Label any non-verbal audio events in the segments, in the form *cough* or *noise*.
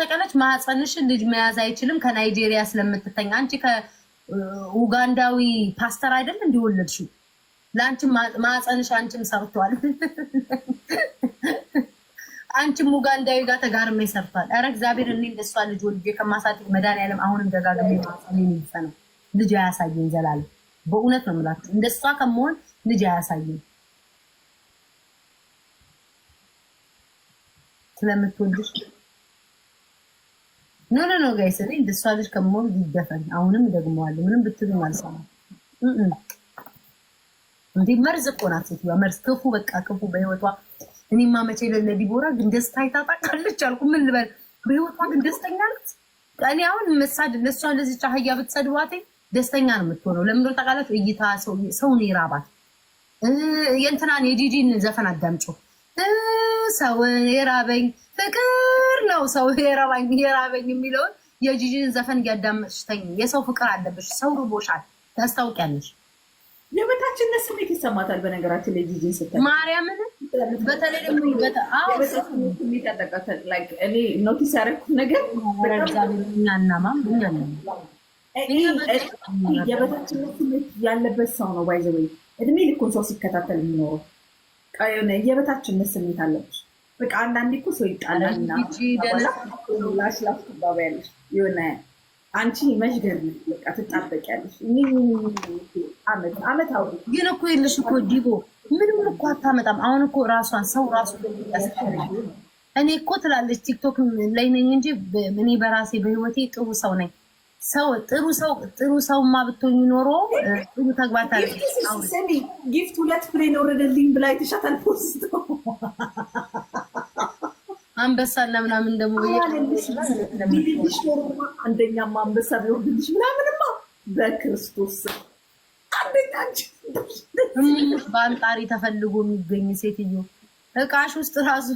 ተቀለች ማህፀንሽን ልጅ መያዝ አይችልም ከናይጄሪያ ስለምትተኝ። አንቺ ከኡጋንዳዊ ፓስተር አይደል እንዲወለድሽው? ለአንቺ ማህፀንሽ አንቺም ሰርቷል፣ *laughs* አንቺም ኡጋንዳዊ ጋር ተጋርሜ ሰርቷል። ኧረ እግዚአብሔር እኔ እንደሷ ልጅ ወልጄ ከማሳደግ መድኃኒዓለም አሁንም ደጋግሜ ማህፀን ይፈ ነው ልጅ አያሳየኝ። ዘላለም በእውነት ነው የምላችሁ፣ እንደሷ ከመሆን ልጅ አያሳየኝ። ስለምትወልድሽ ኖ ኖ ኖ ጋይስ እኔ እንደሷ ልጅ ከመሆን ይደፈን። አሁንም ደግመዋለሁ፣ ምንም ብትሉም አልሰማም። እንዴ መርዝ እኮ ናት ሴትዮዋ፣ መርዝ ክፉ፣ በቃ ክፉ በህይወቷ። እኔማ መቼ ለለ ዲቦራ ግን ደስታ ይታጣቃለች አልኩ። ምን ልበል? በህይወቷ ግን ደስተኛ ናት። እኔ አሁን መሳድ ለእሷ እንደዚህ ጫህያ ብትሰድቧት ደስተኛ ነው የምትሆነው። ለምን እንደሆነ ታውቃላችሁ? እይታ ሰውን ይራባት። የእንትናን የዲዲን ዘፈን አዳምጮ ሰውን የራበኝ ፍቅር ነው ሰው የራባኝ የራበኝ የሚለውን የጂጂን ዘፈን እያዳመጥሽ ተኝ። የሰው ፍቅር አለብሽ። ሰው ርቦሻል፣ ታስታውቂያለሽ። የበታችነት ስሜት ይሰማታል። በነገራችን ላይ ጂጂን ስታይ ማርያምን፣ በተለይ ደግሞ ስሜት እኔ ኖቲስ ያደረኩት ነገር እናናማም የበታችነት ስሜት ያለበት ሰው ነው ባይዘወይ እድሜ ልኩን ሰው ሲከታተል የሚኖረው የበታችነት ስሜት አለብሽ በቃ አንዳንዴ እኮ ሰው ይጣላል። የሆነ አንቺ መሽገር በቃ ትጣበቂያለሽ። ዓመት ዓመት ግን እኮ የለሽ እኮ ዲቦ ምንም እኮ አታመጣም። አሁን እኮ ራሷን ሰው ራሱ እኔ እኮ ትላለች ቲክቶክ ላይ ነኝ እንጂ እኔ በራሴ በህይወቴ ጥሩ ሰው ነኝ። ሰው ጥሩ ሰው ጥሩ ሰውማ ብትሆኝ ኖሮ ጥሩ ተግባታ ጊፍት ሁለት ፍሬ ነው ወረደልኝ ብላ የተሻታል ፖስት አንበሳና ምናምን ደግሞ አንደኛም አንበሳ ቢሆንልሽ ምናምንማ በክርስቶስ በአንጣሪ ተፈልጎ የሚገኝ ሴትዮ እቃሽ ውስጥ ራሱ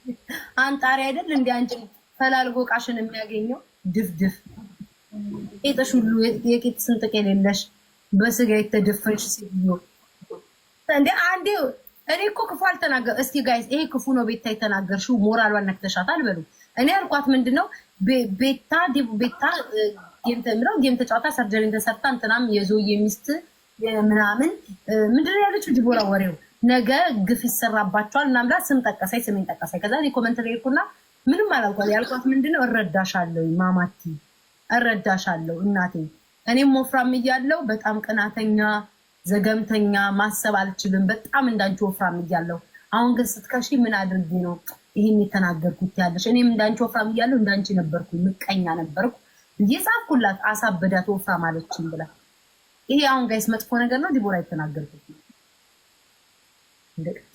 *laughs* አንጣሪ አይደል እንደ አንቺ ፈላልጎ እቃሽን የሚያገኘው ድፍድፍ ቄጠሽ ሁሉ የቄጥ ስንጥቅ የሌለሽ በስጋ የተደፈንሽ ሴትዮ እንደ አንዴ እኔ እኮ ክፉ አልተናገር። እስኪ ጋይስ ይሄ ክፉ ነው ቤታ የተናገርሽው ሞራሏን ነክተሻት አልበሉ። እኔ አልኳት ምንድን ነው ቤታ ቤታ ተምረው ጌም ተጫዋታ ሰርጀሪን ተሰርታ እንትናም የዞዬ ሚስት ምናምን ምንድን ነው ያለችው ዲቦራ ወሬው ነገ ግፍ ይሰራባቸዋል እና ብላ ስም ጠቀሳይ ስሜን ጠቀሳይ። ከዛ እኔ ኮመንት ሬኩና ምንም አላልኳት። ያልኳት ምንድነው ነው እረዳሻለሁ ማማቲ እረዳሻለሁ እናቴ እኔም ወፍራም እያለሁ በጣም ቅናተኛ ዘገምተኛ ማሰብ አልችልም። በጣም እንዳንቺ ወፍራም እያለሁ አሁን ግን ስትከሺ ምን አድርጊ ነው ይህን የተናገርኩት ያለሽ? እኔም እንዳንቺ ወፍራም እያለሁ እንዳንቺ ነበርኩ፣ ምቀኛ ነበርኩ። እየጻፍኩላት አሳበዳት ወፍራም አለችኝ ብላ። ይሄ አሁን ጋይስ መጥፎ ነገር ነው ዲቦራ የተናገርኩት።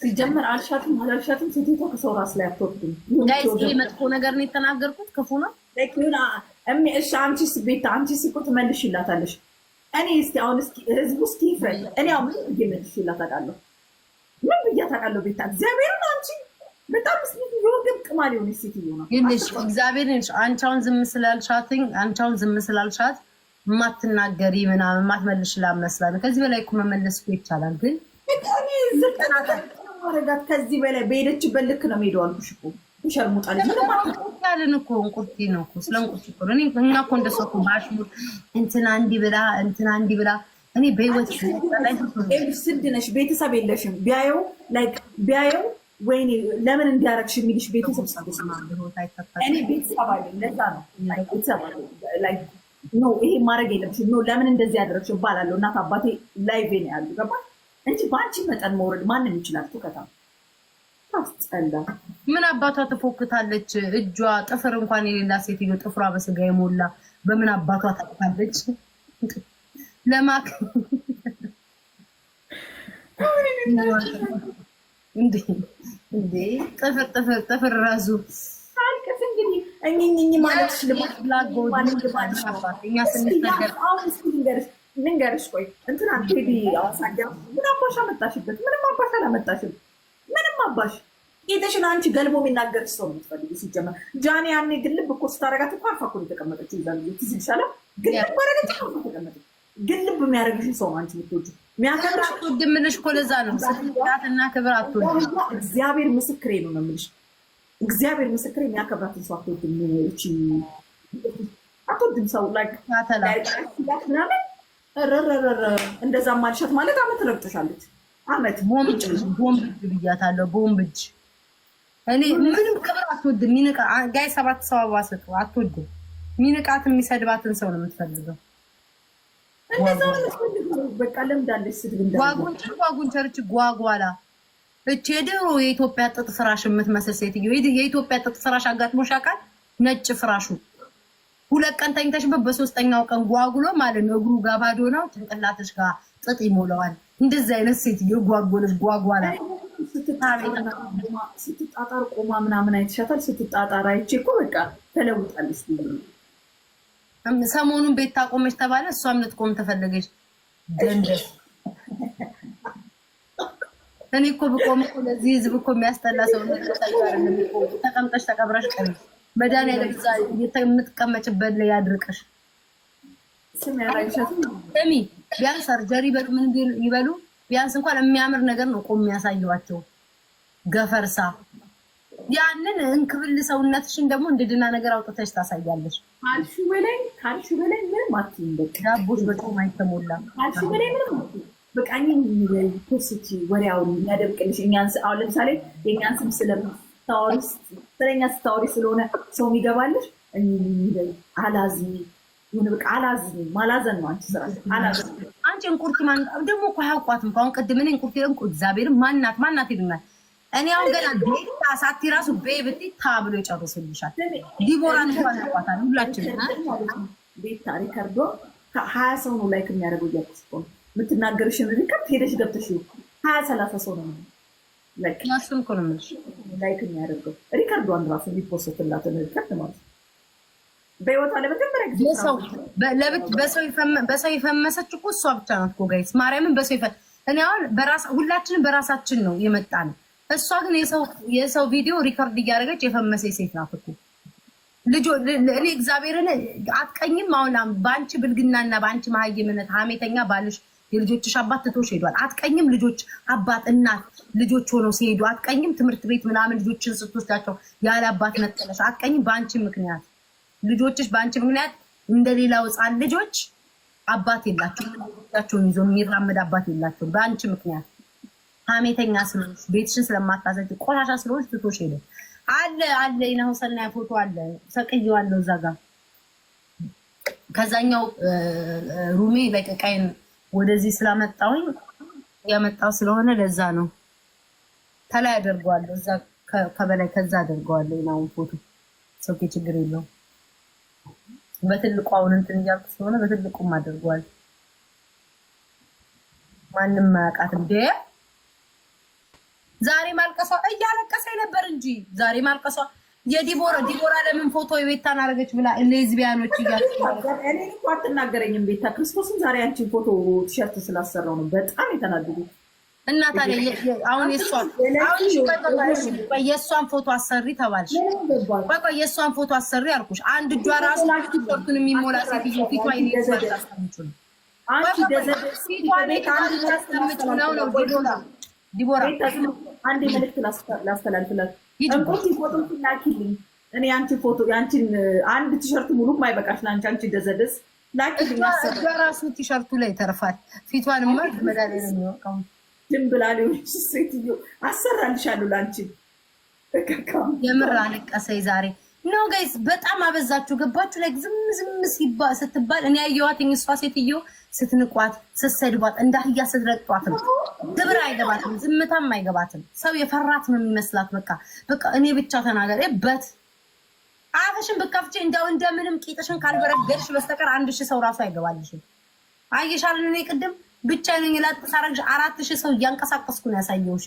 ሲጀመር አልሻትም አላልሻትም ሴቴቶ ከሰው ራስ ላይ አትወርድም ጋይስ። ይሄ መጥፎ ነገር ነው የተናገርኩት፣ ክፉ ነው። እሺ አንቺስ ቤት አንቺስ እኮ ትመልሽ ይላታለሽ እኔ እስኪ አሁን እስኪ ህዝቡ እስኪ ይፍረድ። እኔ አሁን ምን ብዬ መልሼላት አውቃለሁ? ምን ብያት አውቃለሁ? ቤታ እግዚአብሔርን አንቺ በጣም ስሚት የወገብ ቅማል የሆነች ሴትዮ ነው ይልሽ። እግዚአብሔር አንቺ አሁን ዝም ስላልሻትኝ አንቺ አሁን ዝም ስላልሻት የማትናገሪ ምናምን የማትመልሽላት መስላለሁ። ከዚህ በላይ እኮ መመለስ እኮ ይቻላል፣ ግን ዘጠና ማረጋት ከዚህ በላይ በሄደችበት ልክ ነው የምሄደው አልኩሽ እኮ ይሸርሙጣል እኮ እንቁርቲ ነው እኮ ስለ እንቁርቲ እኮ ነው። እኛ እኮ እንትና እንዲህ ብላ እንትና እንዲህ ብላ እኔ በህይወት ስድ ነሽ፣ ቤተሰብ የለሽም። ቢያየው ቢያየው ወይኔ ለምን እንዲያረግሽ የሚልሽ ቤተሰብ እኔ ቤተሰብ ነው ይሄ ማድረግ የለብሽም ለምን እንደዚህ ያደረግሽ እባላለሁ። እናት አባቴ ላይቬ ነው ያሉ ገባ እንጂ በአንቺ መጠን መውረድ ማንም ይችላል። ቱከታ አስጠላ። ምን አባቷ ትፎክታለች? እጇ ጥፍር እንኳን የሌላ ሴትዮ ጥፍሯ በስጋ የሞላ በምን አባቷ ታጥፋለች? ለማክ ጥፍር ጥፍር ጥፍር ራሱ አልቀስ እኝኝኝ ማለት ሽልማት ቆይ እንትና ቴዲ አዋሳጊያ ምን አባሽ አመጣሽበት? ምንም አባሽ አላመጣሽም። አባሽ ጌጠሽን አንቺ ገልቦ የሚናገር ሰው የምትፈልጊ ሲጀመር ጃኔ ያኔ ግልብ እኮ ስታረጋት እኮ አርፋ እኮ የተቀመጠችው ይዛ ትዝ ይልሻላል። ግልብ አረገች ተቀመጠች። ግልብ የሚያደርግሽን ሰው አንቺ የምትወጂው። ሚያከብራት ምልሽ እኮ ለዛ ነው እና ክብር አትወጂም። እግዚአብሔር ምስክሬ ነው ነው የምልሽ። እግዚአብሔር ምስክሬ የሚያከብራትን ሰው አትወጂም። እቺ አትወጂም ሰው ላይ ምናምን ረረረረ እንደዛ ማልሻት ማለት አመት ረግጦሻለች። አመት ቦምብጭ ቦምብጭ ብያታለሁ። ቦምብጭ እኔ ምንም ክብር አትወድም። ሚንቃ ጋይ ሰባት ሰው አበባ ስጡ አትወድም። ሚንቃት የሚሰድባትን ሰው ነው የምትፈልገው። በቃ ጓጉንቸር ጓጉንቸርች ጓጓላ እች የድሮ የኢትዮጵያ ጥጥ ፍራሽ የምትመስል ሴትዮ የኢትዮጵያ ጥጥ ፍራሽ አጋጥሞሽ ያውቃል? ነጭ ፍራሹ ሁለት ቀን ተኝተሽበት በሶስተኛው ቀን ጓጉሎ ማለት ነው እግሩ ጋር ባዶ ነው፣ ጭንቅላትሽ ጋር ጥጥ ይሞላዋል። እንደዚህ አይነት ሴትዮ ጓጎለች ጓጓላ ስትጣጣር ቆማ ምናምን አይተሻታል። ስትጣጣር አይቼ እኮ በቃ ተለውጣለች። ሰሞኑን ቤት ታቆመች ተባለ፣ እሷም ልትቆም ተፈለገች። ደንደስ እኔ እኮ ብቆም ለዚህ ህዝብ እኮ የሚያስጠላ ሰው ተቀምጠሽ ተቀብረሽ ቀ መድኃኒዓለም እዛ የምትቀመጭበት ላይ ያድርቀሽ። ስሚ ቢያንስ ሰርጀሪ ይበሉ ምን ይበሉ ቢያንስ እንኳን የሚያምር ነገር ነው ቆም የሚያሳየዋቸው። ገፈርሳ ያንን እንክብል ሰውነትሽን ደግሞ እንድድና ነገር አውጥተሽ ታሳያለሽ። ካልሹ በላይ ካልሹ በላይ ምንም አትይም። ዳቦች በጣም አይተሞላም። ካልሹ በላይ ምንም በቃኝ። እኔ ፖስት ወዲያውን እኛን አሁን ለምሳሌ የእኛን ስም ስለምስ ታዋሪ ስለኛ ስታወሪ ስለሆነ ሰው የሚገባልሽ አላዝኝ ይሁን በቃ አላዝኝ። ማላዘን ነው አንቺ ስራ አላዝኝ። አንቺ እንቁርቲ ማን ደግሞ እኮ አያውቋትም። አሁን ቅድም እኔ እንቁርቲ ማናት ማናት ይሉናል። እኔ አሁን ገና ቤታ ሳቲ ራሱ ቤብቲ ይጨርስልሻል። እንኳን ያውቋታል ቤታ ሪከርዶ ሀያ ሰው ነው ላይክ የሚያደርገው የምትናገርሽን ሪከርድ ሄደሽ ገብተሽ ሀያ ሰላሳ ሰው ነው እሱን እኮ ነው የምልሽ። ላይክ የሚያደርገው ሪከርዱ አንድ ራሱ የሚፖስትላትን ሪከርድ ማለት ነው። በህይወቷ ለመጀመሪያ ጊዜ በሰው የፈመሰች እኮ እሷ ብቻ ናት እኮ ጋይስ፣ ማርያምን በሰው ይፈ እኔ አሁን ሁላችንም በራሳችን ነው የመጣ እሷ ግን የሰው ቪዲዮ ሪከርድ እያደረገች የፈመሰች ሴት ናት እኮ ልጆ እኔ እግዚአብሔርን አትቀኝም። አሁን በአንቺ ብልግናና በአንቺ መሀይምነት ሀሜተኛ ባልሽ የልጆችሽ አባት ትቶሽ ሄዷል። አትቀኝም ልጆች አባት እናት ልጆች ሆነው ሲሄዱ አትቀኝም? ትምህርት ቤት ምናምን ልጆችን ስትወስዳቸው ያለ አባት ነጠለሽ አትቀኝም? በአንቺ ምክንያት ልጆችሽ በአንቺ ምክንያት እንደሌላው ሕፃን ልጆች አባት የላቸውም። ይዞ የሚራመድ አባት የላቸውም። በአንቺ ምክንያት ሀሜተኛ ስለሆንሽ፣ ቤትሽን ስለማታሰጭ፣ ቆሻሻ ስለሆንሽ ትቶሽ ሄደ። አለ አለ ይናሁ ሰናይ ፎቶ አለ ሰቅየዋለሁ እዛ ጋር ከዛኛው ሩሜ በቀቃይን ወደዚህ ስላመጣውኝ ያመጣው ስለሆነ ለዛ ነው። ከላይ አደርገዋለሁ። እዛ ከበላይ ከዛ አደርገዋለሁ። ናሁን ፎቶ ሰውኬ ችግር የለው። በትልቁ አሁን እንትን እያልኩ ስለሆነ በትልቁም አደርገዋል። ማንም ማያውቃት እንዴ? ዛሬ ማልቀሷ እያለቀሰ ነበር እንጂ ዛሬ ማልቀሷ የዲቦራ ዲቦራ ለምን ፎቶ የቤታን አደረገች ብላ ሌዝቢያኖች እያእኔ እኮ አትናገረኝም ቤታ ክርስቶስን ዛሬ አንቺን ፎቶ ቲሸርት ስላሰራው ነው በጣም የተናደዱት። እና ታዲያ አሁን የእሷን ፎቶ አሰሪ ተባልሽ። በቃ የእሷን ፎቶ አሰሪ አልኩሽ። አንድ እጇ ራሱ ቲሸርቱን የሚሞላ ሴትዮ ፊቷ ፎቶ እኔ ያንቺን ፎቶ ያንቺን አንድ ቲሸርት ሙሉ ማይበቃሽ ለአንቺ አንቺ ደዘደዝ ላኪልኝ። እጇ ቲሸርቱ ላይ ተርፋል። ፊቷንማ መዳሌ ነው የሚወቀሙት ድም ብላ ሊሆንሽ ሴትዮ አሰራልሻለሁ ለአንቺ የምር አለቀሰኝ ዛሬ ኖ ጋይስ፣ በጣም አበዛችሁ። ገባችሁ ላይ ዝም ዝም ስትባል እኔ ያየኋትኝ እሷ ሴትዮ ስትንቋት፣ ስትሰድቧት፣ እንዳህያ ስትረግጧት ነው። ግብር አይገባትም፣ ዝምታም አይገባትም። ሰው የፈራት ነው የሚመስላት። በቃ በቃ እኔ ብቻ ተናገር በት አፈሽን ብከፍቼ እንዳው እንደምንም ቂጥሽን ካልበረገድሽ በስተቀር አንድ ሺህ ሰው ራሱ አይገባልሽም። አየሻልን እኔ ቅድም ብቻዬን ላጥ ሳረግሽ አራት ሺህ ሰው እያንቀሳቀስኩ ነው ያሳየውሽ።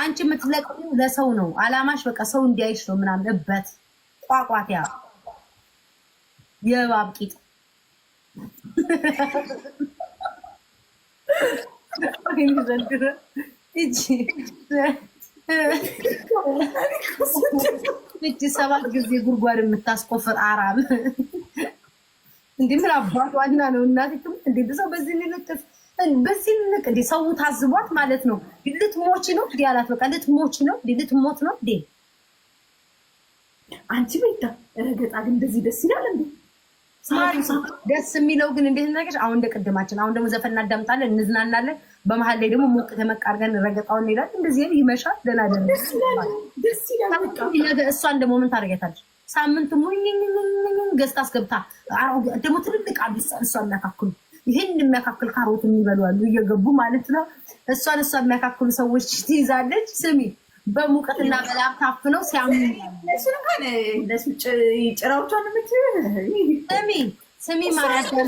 አንቺ የምትለቅ ለሰው ነው አላማሽ። በቃ ሰው እንዲያይሽ ነው ምናምን እበት ቋቋትያ የእባብ ቂጥ እጅ ሰባት ጊዜ ጉድጓድ የምታስቆፍር አራም እንዲህ ምን አባት ዋና ነው እናትም እንዴ ሰው በዚህ ሊለጥፍ በዚህ ልክ እንዲ ሰው ታዝቧት ማለት ነው። ልትሞች ነው እንደ አላት በቃ ልትሞች ነው ልትሞት ነው እንደ አንቺ ቤታ ረገጣ ግን እንደዚህ ደስ ይላል እንዴ? ደስ የሚለው ግን እንዴት ነገች። አሁን እንደ ቅድማችን አሁን ደግሞ ዘፈን እናዳምጣለን፣ እንዝናናለን። በመሀል ላይ ደግሞ ሞቅ ተመቃርገን አድርገን ረገጣውን እንሄዳለን። እንደዚህ ይመሻል። ደህና ደህና እሷን ደግሞ ምን ታደርጊያታለሽ? ሳምንት ሙኝኝኝኝኝ ገዝታ አስገብታ ደግሞ ትልልቅ አዲስ እሷ እናካክሉ ይህን የሚያካክል ካሮት የሚበሉ አሉ እየገቡ ማለት ነው። እሷን እሷ የሚያካክሉ ሰዎች ትይዛለች። ስሚ በሙቀትና በላብ ታፍነው ሲያሙ ስሚ ማለት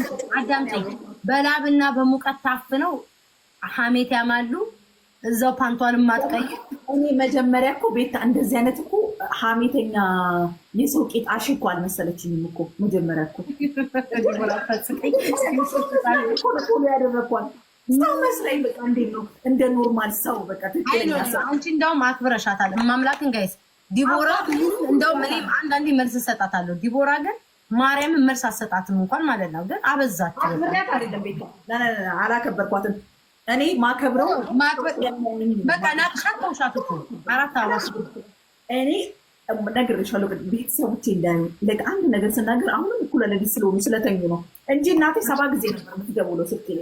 በላብና በሙቀት ታፍነው ሀሜት ያማሉ። እዛው ፓንቷንም ማጥቀይ እኔ መጀመሪያ እኮ ቤታ እንደዚህ አይነት እኮ ሀሜተኛ የሰው ቂጥ አሽኮ አልመሰለችኝም እኮ መጀመሪያ እኮ ያደረኳል ሰው መስለኝ በቃ እንዴት ነው እንደ ኖርማል ሰው በቃ ትክክለኛ ሰው አንቺ እንዳውም አክብረሻታል ማምላክን ጋይስ ዲቦራ እንደውም እኔም አንዳንዴ መልስ እሰጣታለሁ ዲቦራ ግን ማርያምን መልስ አሰጣትም እንኳን ማለት ነው ግን አበዛችሁ አክብሪያት አይደለም ቤት አላከበርኳትም እኔ ማከብረው በቃ አራት እኔ ነግሬሻለሁ። ቤተሰቦቼ እንዳይሆን አንድ ነገር ስናገር አሁንም እኩለ ሌሊት ስለሆኑ ስለተኙ ነው እንጂ እናቴ ሰባ ጊዜ ነበር የምትደውለው ስልኬ